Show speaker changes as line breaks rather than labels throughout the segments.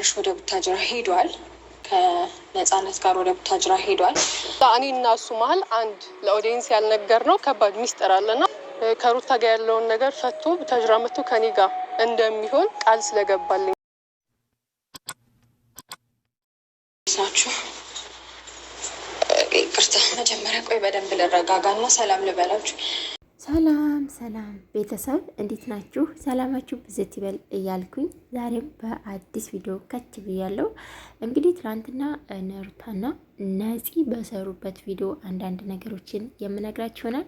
አብርሽ ወደ ቡታጅራ ሄዷል። ከነጻነት ጋር ወደ ቡታጅራ ሄዷል።
እኔ እና እሱ መሀል አንድ ለኦዲየንስ ያልነገር ነው ከባድ ሚስጥር አለና ከሩታ ጋር ያለውን ነገር ፈቶ ቡታጅራ መቶ ከኔ ጋር እንደሚሆን ቃል ስለገባልኝ
ናችሁ። ይቅርታ መጀመሪያ ቆይ በደንብ ልረጋጋና ሰላም ልበላችሁ።
ሰላም ሰላም ቤተሰብ እንዴት ናችሁ? ሰላማችሁ ብዝት ይበል እያልኩኝ ዛሬም በአዲስ ቪዲዮ ከች ብያለሁ። እንግዲህ ትናንትና ነሩታና ነፂ በሰሩበት ቪዲዮ አንዳንድ ነገሮችን የምነግራችሁ ይሆናል።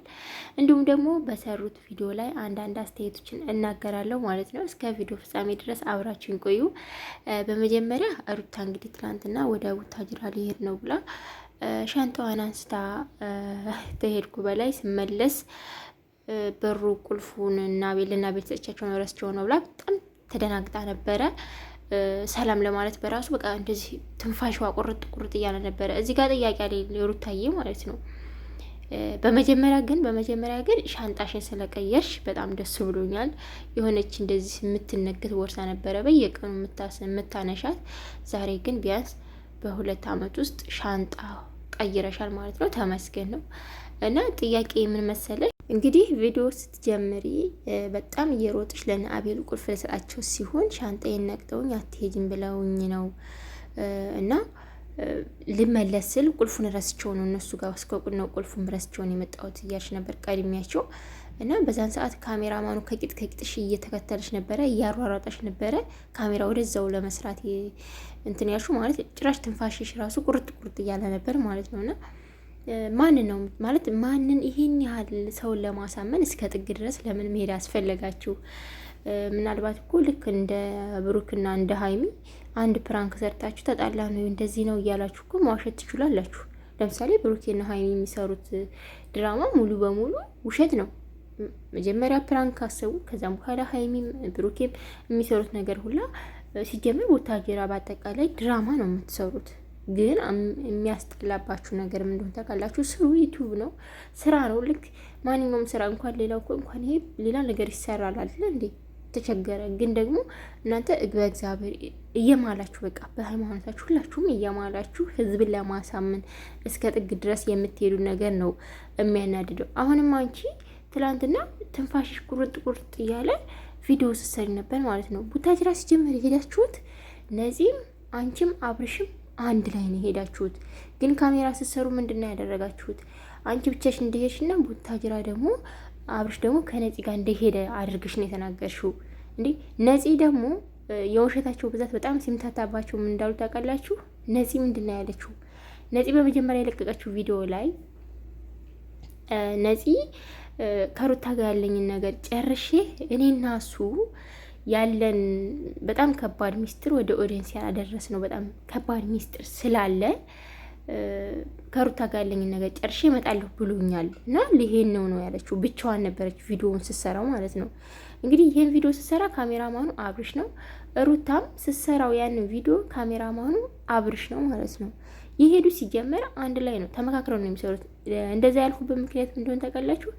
እንዲሁም ደግሞ በሰሩት ቪዲዮ ላይ አንዳንድ አስተያየቶችን እናገራለሁ ማለት ነው። እስከ ቪዲዮ ፍጻሜ ድረስ አብራችሁን ቆዩ። በመጀመሪያ ሩታ እንግዲህ ትናንትና ወደ ቡታጅራ ሊሄድ ነው ብላ ሻንጣዋን አንስታ ተሄድኩ በላይ ስመለስ በሩ ቁልፉን እና ቤልና ቤተሰቻቸውን ረስቸው ነው ብላ በጣም ተደናግጣ ነበረ። ሰላም ለማለት በራሱ በቃ እንደዚህ ትንፋሽዋ ቁርጥ ቁርጥ እያለ ነበረ። እዚህ ጋር ጥያቄ አለ ሩታዬ ማለት ነው። በመጀመሪያ ግን በመጀመሪያ ግን ሻንጣሽን ስለቀየርሽ በጣም ደስ ብሎኛል። የሆነች እንደዚህ የምትነግት ቦርሳ ነበረ በየቀኑ የምታነሻት፣ ዛሬ ግን ቢያንስ በሁለት ዓመት ውስጥ ሻንጣ ቀይረሻል ማለት ነው። ተመስገን ነው። እና ጥያቄ ምን እንግዲህ ቪዲዮ ስትጀምሪ በጣም እየሮጥሽ ለነ አቤል ቁልፍ ለሰጣቸው ሲሆን ሻንጣዬን ነቅጠውኝ አትሄጂም ብለውኝ ነው እና ልመለስ ስል ቁልፉን ረስቸው ነው እነሱ ጋር እስከቁን ነው ቁልፉን ረስቸው ነው የመጣሁት እያልሽ ነበር ቀድሚያቸው እና በዛን ሰዓት ካሜራማኑ ከቂጥ ከቂጥሽ እየተከተለሽ ነበረ፣ እያሯሯጠሽ ነበረ። ካሜራ ወደዛው ለመስራት እንትን ያልሽው ማለት ጭራሽ ትንፋሽሽ ራሱ ቁርጥ ቁርጥ እያለ ነበር ማለት ነውና ማንን ነው ማለት ማንን ይሄን ያህል ሰውን ለማሳመን እስከ ጥግ ድረስ ለምን መሄድ አስፈለጋችሁ? ምናልባት እኮ ልክ እንደ ብሩክና እንደ ሀይሚ አንድ ፕራንክ ሰርታችሁ ተጣላ ነው እንደዚህ ነው እያላችሁ እኮ መዋሸት ትችላላችሁ። ለምሳሌ ብሩኬና ሀይሚ የሚሰሩት ድራማ ሙሉ በሙሉ ውሸት ነው። መጀመሪያ ፕራንክ አሰቡ፣ ከዛም በኋላ ሀይሚም ብሩኬም የሚሰሩት ነገር ሁላ ሲጀምር ቦታጀራ በአጠቃላይ ድራማ ነው የምትሰሩት። ግን የሚያስጠላባችሁ ነገር ምን እንደሆነ ታውቃላችሁ? ስሩ ዩቱብ ነው፣ ስራ ነው። ልክ ማንኛውም ስራ እንኳን ሌላው እኮ እንኳን ይሄ ሌላ ነገር ይሰራል አይደል እንዴ? ተቸገረ ግን ደግሞ እናንተ እግበ በእግዚአብሔር እየማላችሁ በቃ በሃይማኖታችሁ ሁላችሁም እየማላችሁ ህዝብን ለማሳመን እስከ ጥግ ድረስ የምትሄዱ ነገር ነው የሚያናድደው። አሁንም አንቺ ትላንትና ትንፋሽሽ ቁርጥ ቁርጥ እያለ ቪዲዮ ስትሰሪ ነበር ማለት ነው። ቡታጅራ ሲጀምር የሄዳችሁት እነዚህም አንቺም አብርሽም አንድ ላይ ነው የሄዳችሁት። ግን ካሜራ ስትሰሩ ምንድን ነው ያደረጋችሁት? አንቺ ብቻሽ እንደሄድሽ እና ቡታጅራ ደግሞ አብርሽ ደግሞ ከነፂ ጋር እንደሄደ አድርግሽ ነው የተናገርሽው። እንዴ ነፂ ደግሞ የውሸታቸው ብዛት በጣም ሲምታታባቸው ምን እንዳሉ ታውቃላችሁ? ነፂ ምንድን ነው ያለችው? ነፂ በመጀመሪያ የለቀቀችው ቪዲዮ ላይ ነፂ ከሩታ ጋር ያለኝን ነገር ጨርሼ እኔና እሱ ያለን በጣም ከባድ ሚስጥር ወደ ኦዲየንስ ያደረስ ነው። በጣም ከባድ ሚስጥር ስላለ ከሩታ ጋር ያለኝን ነገር ጨርሼ እመጣለሁ ብሎኛል እና ይሄን ነው ነው ያለችው። ብቻዋን ነበረች ቪዲዮውን ስትሰራው ማለት ነው። እንግዲህ ይህን ቪዲዮ ስትሰራ ካሜራማኑ አብርሽ ነው፣ ሩታም ስትሰራው ያንን ቪዲዮ ካሜራማኑ አብርሽ ነው ማለት ነው። የሄዱ ሲጀመር አንድ ላይ ነው፣ ተመካክረው ነው የሚሰሩት። እንደዛ ያልኩበት ምክንያት እንደሆን ታውቃላችሁ።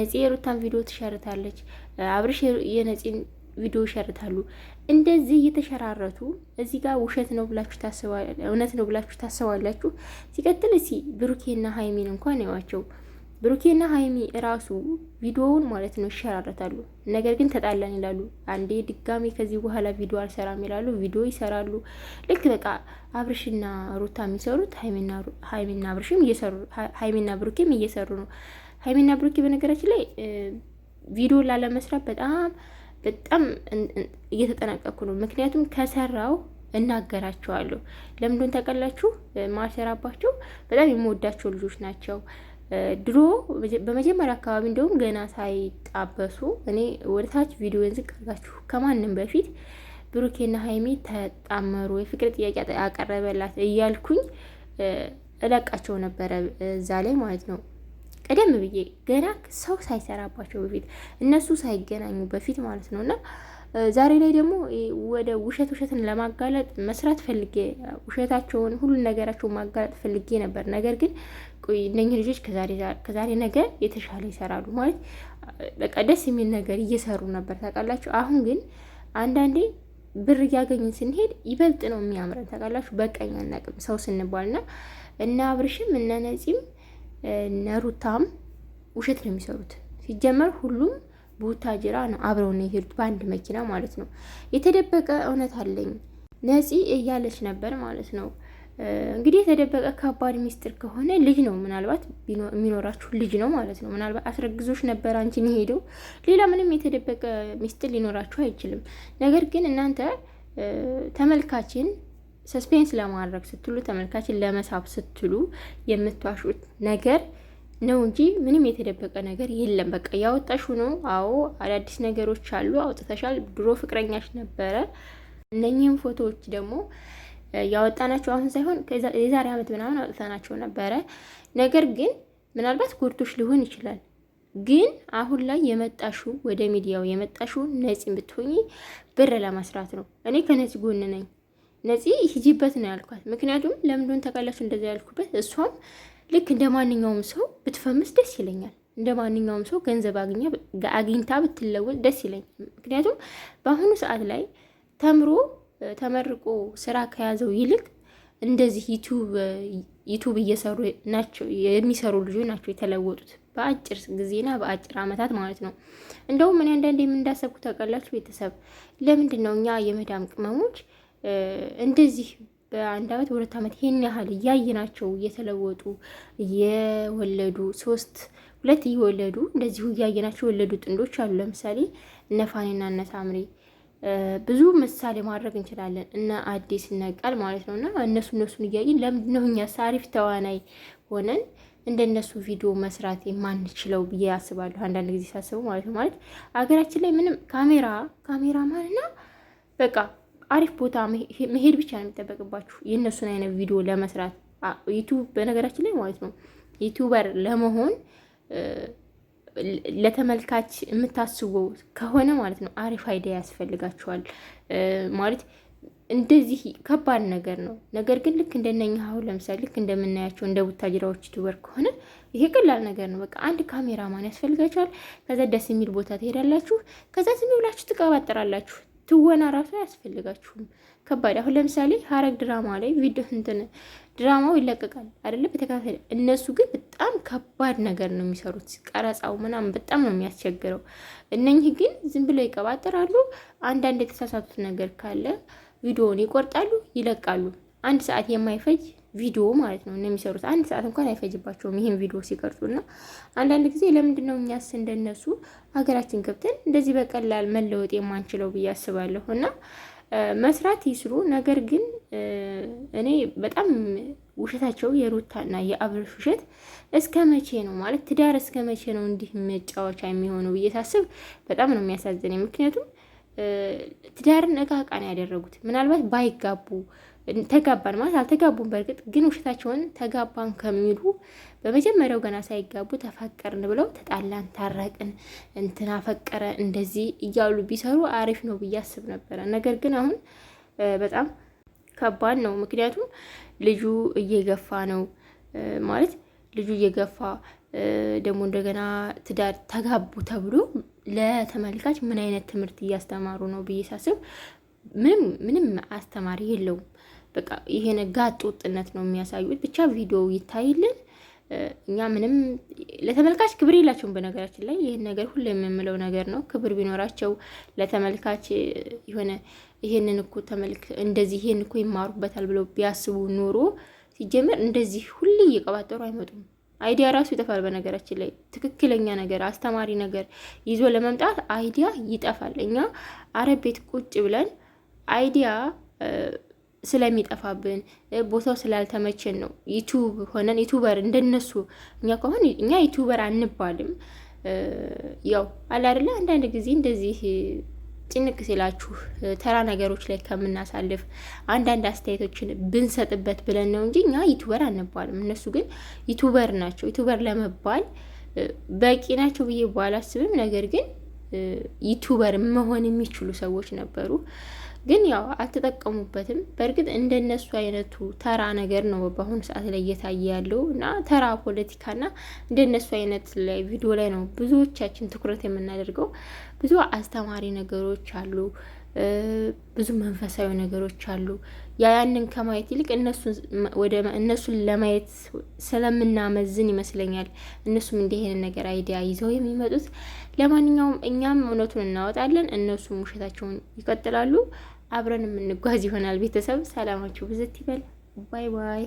ነፂ የሩታን ቪዲዮ ትሸርታለች፣ አብርሽ የነፂን ቪዲዮ ይሸርታሉ። እንደዚህ እየተሸራረቱ እዚህ ጋር ውሸት ነው ብላችሁ ታስባላችሁ፣ እውነት ነው ብላችሁ ታስባላችሁ። ሲቀጥል እስኪ ብሩኬና ሀይሚን እንኳን ያዋቸው ብሩኬና ሀይሚ እራሱ ቪዲዮውን ማለት ነው ይሸራረታሉ። ነገር ግን ተጣላን ይላሉ። አንዴ ድጋሚ ከዚህ በኋላ ቪዲዮ አልሰራም ይላሉ፣ ቪዲዮ ይሰራሉ። ልክ በቃ አብርሽና ሩታ የሚሰሩት ሀይሚና አብርሽም እየሰሩ ሀይሚና ብሩኬም እየሰሩ ነው። ሀይሚና ብሩኬ በነገራችን ላይ ቪዲዮ ላለመስራት በጣም በጣም እየተጠናቀቅኩ ነው። ምክንያቱም ከሰራው እናገራቸዋለሁ። ለምንድን ተቀላችሁ ማሰራባቸው በጣም የምወዳቸው ልጆች ናቸው። ድሮ በመጀመሪያ አካባቢ እንደውም ገና ሳይጣበሱ እኔ ወደታች ታች ቪዲዮን ዝቅ አድርጋችሁ ከማንም በፊት ብሩኬና ሀይሚ ተጣመሩ፣ የፍቅር ጥያቄ አቀረበላት እያልኩኝ እለቃቸው ነበረ እዛ ላይ ማለት ነው። ቀደም ብዬ ገና ሰው ሳይሰራባቸው በፊት እነሱ ሳይገናኙ በፊት ማለት ነው እና ዛሬ ላይ ደግሞ ወደ ውሸት ውሸትን ለማጋለጥ መስራት ፈልጌ ውሸታቸውን ሁሉን ነገራቸውን ማጋለጥ ፈልጌ ነበር። ነገር ግን እነኝህ ልጆች ከዛሬ ነገ የተሻለ ይሰራሉ ማለት በቃ ደስ የሚል ነገር እየሰሩ ነበር ታውቃላችሁ። አሁን ግን አንዳንዴ ብር እያገኘን ስንሄድ ይበልጥ ነው የሚያምረን ታውቃላችሁ። በቀኝ አናቅም ሰው ስንባል እና አብርሽም እነ ነፂም ነሩታም ውሸት ነው የሚሰሩት። ሲጀመር ሁሉም ቡታጅራ ነው አብረው ነው የሄዱት በአንድ መኪና ማለት ነው። የተደበቀ እውነት አለኝ ነፂ እያለች ነበር ማለት ነው። እንግዲህ የተደበቀ ከባድ ሚስጥር ከሆነ ልጅ ነው ምናልባት የሚኖራችሁ ልጅ ነው ማለት ነው። ምናልባት አስረግዞች ነበር አንቺን የሄደው ሌላ ምንም የተደበቀ ሚስጥር ሊኖራችሁ አይችልም። ነገር ግን እናንተ ተመልካችን ሰስፔንስ ለማድረግ ስትሉ ተመልካችን ለመሳብ ስትሉ የምትዋሹት ነገር ነው እንጂ ምንም የተደበቀ ነገር የለም። በቃ ያወጣሽው ነው። አዎ አዳዲስ ነገሮች አሉ፣ አውጥተሻል። ድሮ ፍቅረኛሽ ነበረ። እነኚህም ፎቶዎች ደግሞ ያወጣናቸው አሁን ሳይሆን የዛሬ ዓመት ምናምን አውጥተናቸው ነበረ። ነገር ግን ምናልባት ጎድቶሽ ሊሆን ይችላል። ግን አሁን ላይ የመጣሹ ወደ ሚዲያው የመጣሹ ነፂ ብትሆኚ ብር ለማስራት ነው። እኔ ከነፂ ጎን ነኝ። ነፂ ሂጂበት ነው ያልኳት። ምክንያቱም ለምንድን ተቀላችሁ እንደዚያ ያልኩበት፣ እሷም ልክ እንደ ማንኛውም ሰው ብትፈምስ ደስ ይለኛል። እንደ ማንኛውም ሰው ገንዘብ አግኝታ ብትለወጥ ደስ ይለኛል። ምክንያቱም በአሁኑ ሰዓት ላይ ተምሮ ተመርቆ ስራ ከያዘው ይልቅ እንደዚህ ዩቱብ እየሰሩ ናቸው የሚሰሩ ልጆች ናቸው የተለወጡት በአጭር ጊዜና በአጭር አመታት ማለት ነው። እንደውም እኔ አንዳንድ የምንዳሰብኩ ተቀላችሁ ቤተሰብ ለምንድን ነው እኛ የመዳም ቅመሞች እንደዚህ በአንድ አመት በሁለት አመት ይሄን ያህል እያየናቸው እየተለወጡ እየወለዱ ሶስት ሁለት እየወለዱ እንደዚሁ እያየናቸው የወለዱ ጥንዶች አሉ። ለምሳሌ እነ ፋኔና እነ ሳምሪ ብዙ ምሳሌ ማድረግ እንችላለን። እነ አዲስ እነ ቃል ማለት ነው። እና እነሱ እነሱን እያየን ለምንድነው እኛ አሪፍ ተዋናይ ሆነን እንደነሱ ቪዲዮ መስራት የማንችለው ብዬ አስባለሁ። አንዳንድ ጊዜ ሳስቡ ማለት ነው ማለት ሀገራችን ላይ ምንም ካሜራ ካሜራማንና በቃ አሪፍ ቦታ መሄድ ብቻ ነው የሚጠበቅባችሁ የእነሱን አይነት ቪዲዮ ለመስራት ዩቱብ በነገራችን ላይ ማለት ነው ዩቱበር ለመሆን ለተመልካች የምታስበው ከሆነ ማለት ነው አሪፍ አይዲያ ያስፈልጋችኋል። ማለት እንደዚህ ከባድ ነገር ነው። ነገር ግን ልክ እንደነኛ አሁን ለምሳሌ ልክ እንደምናያቸው እንደ ቡታጅራዎች ዩቱበር ከሆነ ይሄ ቀላል ነገር ነው። በቃ አንድ ካሜራማን ያስፈልጋቸዋል። ከዛ ደስ የሚል ቦታ ትሄዳላችሁ። ከዛ ዝም ብላችሁ ትቀባጥራላችሁ። ትወና ራሱ አያስፈልጋችሁም። ከባድ አሁን ለምሳሌ ሀረግ ድራማ ላይ ቪዲዮ እንትን ድራማው ይለቀቃል አይደለ? በተከታተለ እነሱ ግን በጣም ከባድ ነገር ነው የሚሰሩት። ቀረጻው ምናምን በጣም ነው የሚያስቸግረው። እነኚህ ግን ዝም ብለው ይቀባጠራሉ። አንዳንድ የተሳሳቱት ነገር ካለ ቪዲዮውን ይቆርጣሉ፣ ይለቃሉ። አንድ ሰዓት የማይፈጅ ቪዲዮ ማለት ነው የሚሰሩት። አንድ ሰዓት እንኳን አይፈጅባቸውም ይህን ቪዲዮ ሲቀርጹ እና አንዳንድ ጊዜ ለምንድን ነው እኛስ እንደነሱ ሀገራችን ገብተን እንደዚህ በቀላል መለወጥ የማንችለው ብዬ አስባለሁ። እና መስራት ይስሩ። ነገር ግን እኔ በጣም ውሸታቸው የሩታና የአብርሽ ውሸት እስከ መቼ ነው ማለት ትዳር እስከ መቼ ነው እንዲህ መጫወቻ የሚሆነው ብዬ ሳስብ በጣም ነው የሚያሳዝነኝ። ምክንያቱም ትዳርን እቃ እቃ ነው ያደረጉት። ምናልባት ባይጋቡ ተጋባን ማለት አልተጋቡም። በእርግጥ ግን ውሸታቸውን ተጋባን ከሚሉ በመጀመሪያው ገና ሳይጋቡ ተፋቀርን ብለው ተጣላን፣ ታረቅን፣ እንትን አፈቀረ እንደዚህ እያሉ ቢሰሩ አሪፍ ነው ብዬ አስብ ነበረ። ነገር ግን አሁን በጣም ከባድ ነው። ምክንያቱም ልጁ እየገፋ ነው ማለት ልጁ እየገፋ ደግሞ እንደገና ትዳር ተጋቡ ተብሎ ለተመልካች ምን አይነት ትምህርት እያስተማሩ ነው ብዬ ሳስብ ምንም ምንም አስተማሪ የለውም። በቃ ይሄን ጋጥ ወጥነት ነው የሚያሳዩት። ብቻ ቪዲዮ ይታይልን። እኛ ምንም ለተመልካች ክብር የላቸውም። በነገራችን ላይ ይህን ነገር ሁሉ የምምለው ነገር ነው። ክብር ቢኖራቸው ለተመልካች የሆነ ይሄንን እኮ ተመልክ እንደዚህ ይሄን እኮ ይማሩበታል ብለው ቢያስቡ ኖሮ ሲጀምር እንደዚህ ሁሌ እየቀባጠሩ አይመጡም። አይዲያ ራሱ ይጠፋል። በነገራችን ላይ ትክክለኛ ነገር አስተማሪ ነገር ይዞ ለመምጣት አይዲያ ይጠፋል። እኛ አረብ ቤት ቁጭ ብለን አይዲያ ስለሚጠፋብን ቦታው ስላልተመቸን ነው። ዩቱብ ሆነን ዩቱበር እንደነሱ እኛ ከሆን እኛ ዩቱበር አንባልም። ያው አላደለ አንዳንድ ጊዜ እንደዚህ ጭንቅ ሲላችሁ ተራ ነገሮች ላይ ከምናሳልፍ አንዳንድ አስተያየቶችን ብንሰጥበት ብለን ነው እንጂ እኛ ዩቱበር አንባልም። እነሱ ግን ዩቱበር ናቸው። ዩቱበር ለመባል በቂ ናቸው ብዬ ባላስብም፣ ነገር ግን ዩቱበር መሆን የሚችሉ ሰዎች ነበሩ። ግን ያው አልተጠቀሙበትም። በእርግጥ እንደነሱ አይነቱ ተራ ነገር ነው በአሁኑ ሰዓት ላይ እየታየ ያለው እና ተራ ፖለቲካና እንደነሱ አይነት ላይ ቪዲዮ ላይ ነው ብዙዎቻችን ትኩረት የምናደርገው። ብዙ አስተማሪ ነገሮች አሉ። ብዙ መንፈሳዊ ነገሮች አሉ። ያ ያንን ከማየት ይልቅ እነሱን ለማየት ስለምናመዝን ይመስለኛል እነሱም እንዲህን ነገር አይዲያ ይዘው የሚመጡት። ለማንኛውም እኛም እውነቱን እናወጣለን፣ እነሱም ውሸታቸውን ይቀጥላሉ። አብረን የምንጓዝ ይሆናል። ቤተሰብ ሰላማችሁ ብዝት ይበል። ባይ ባይ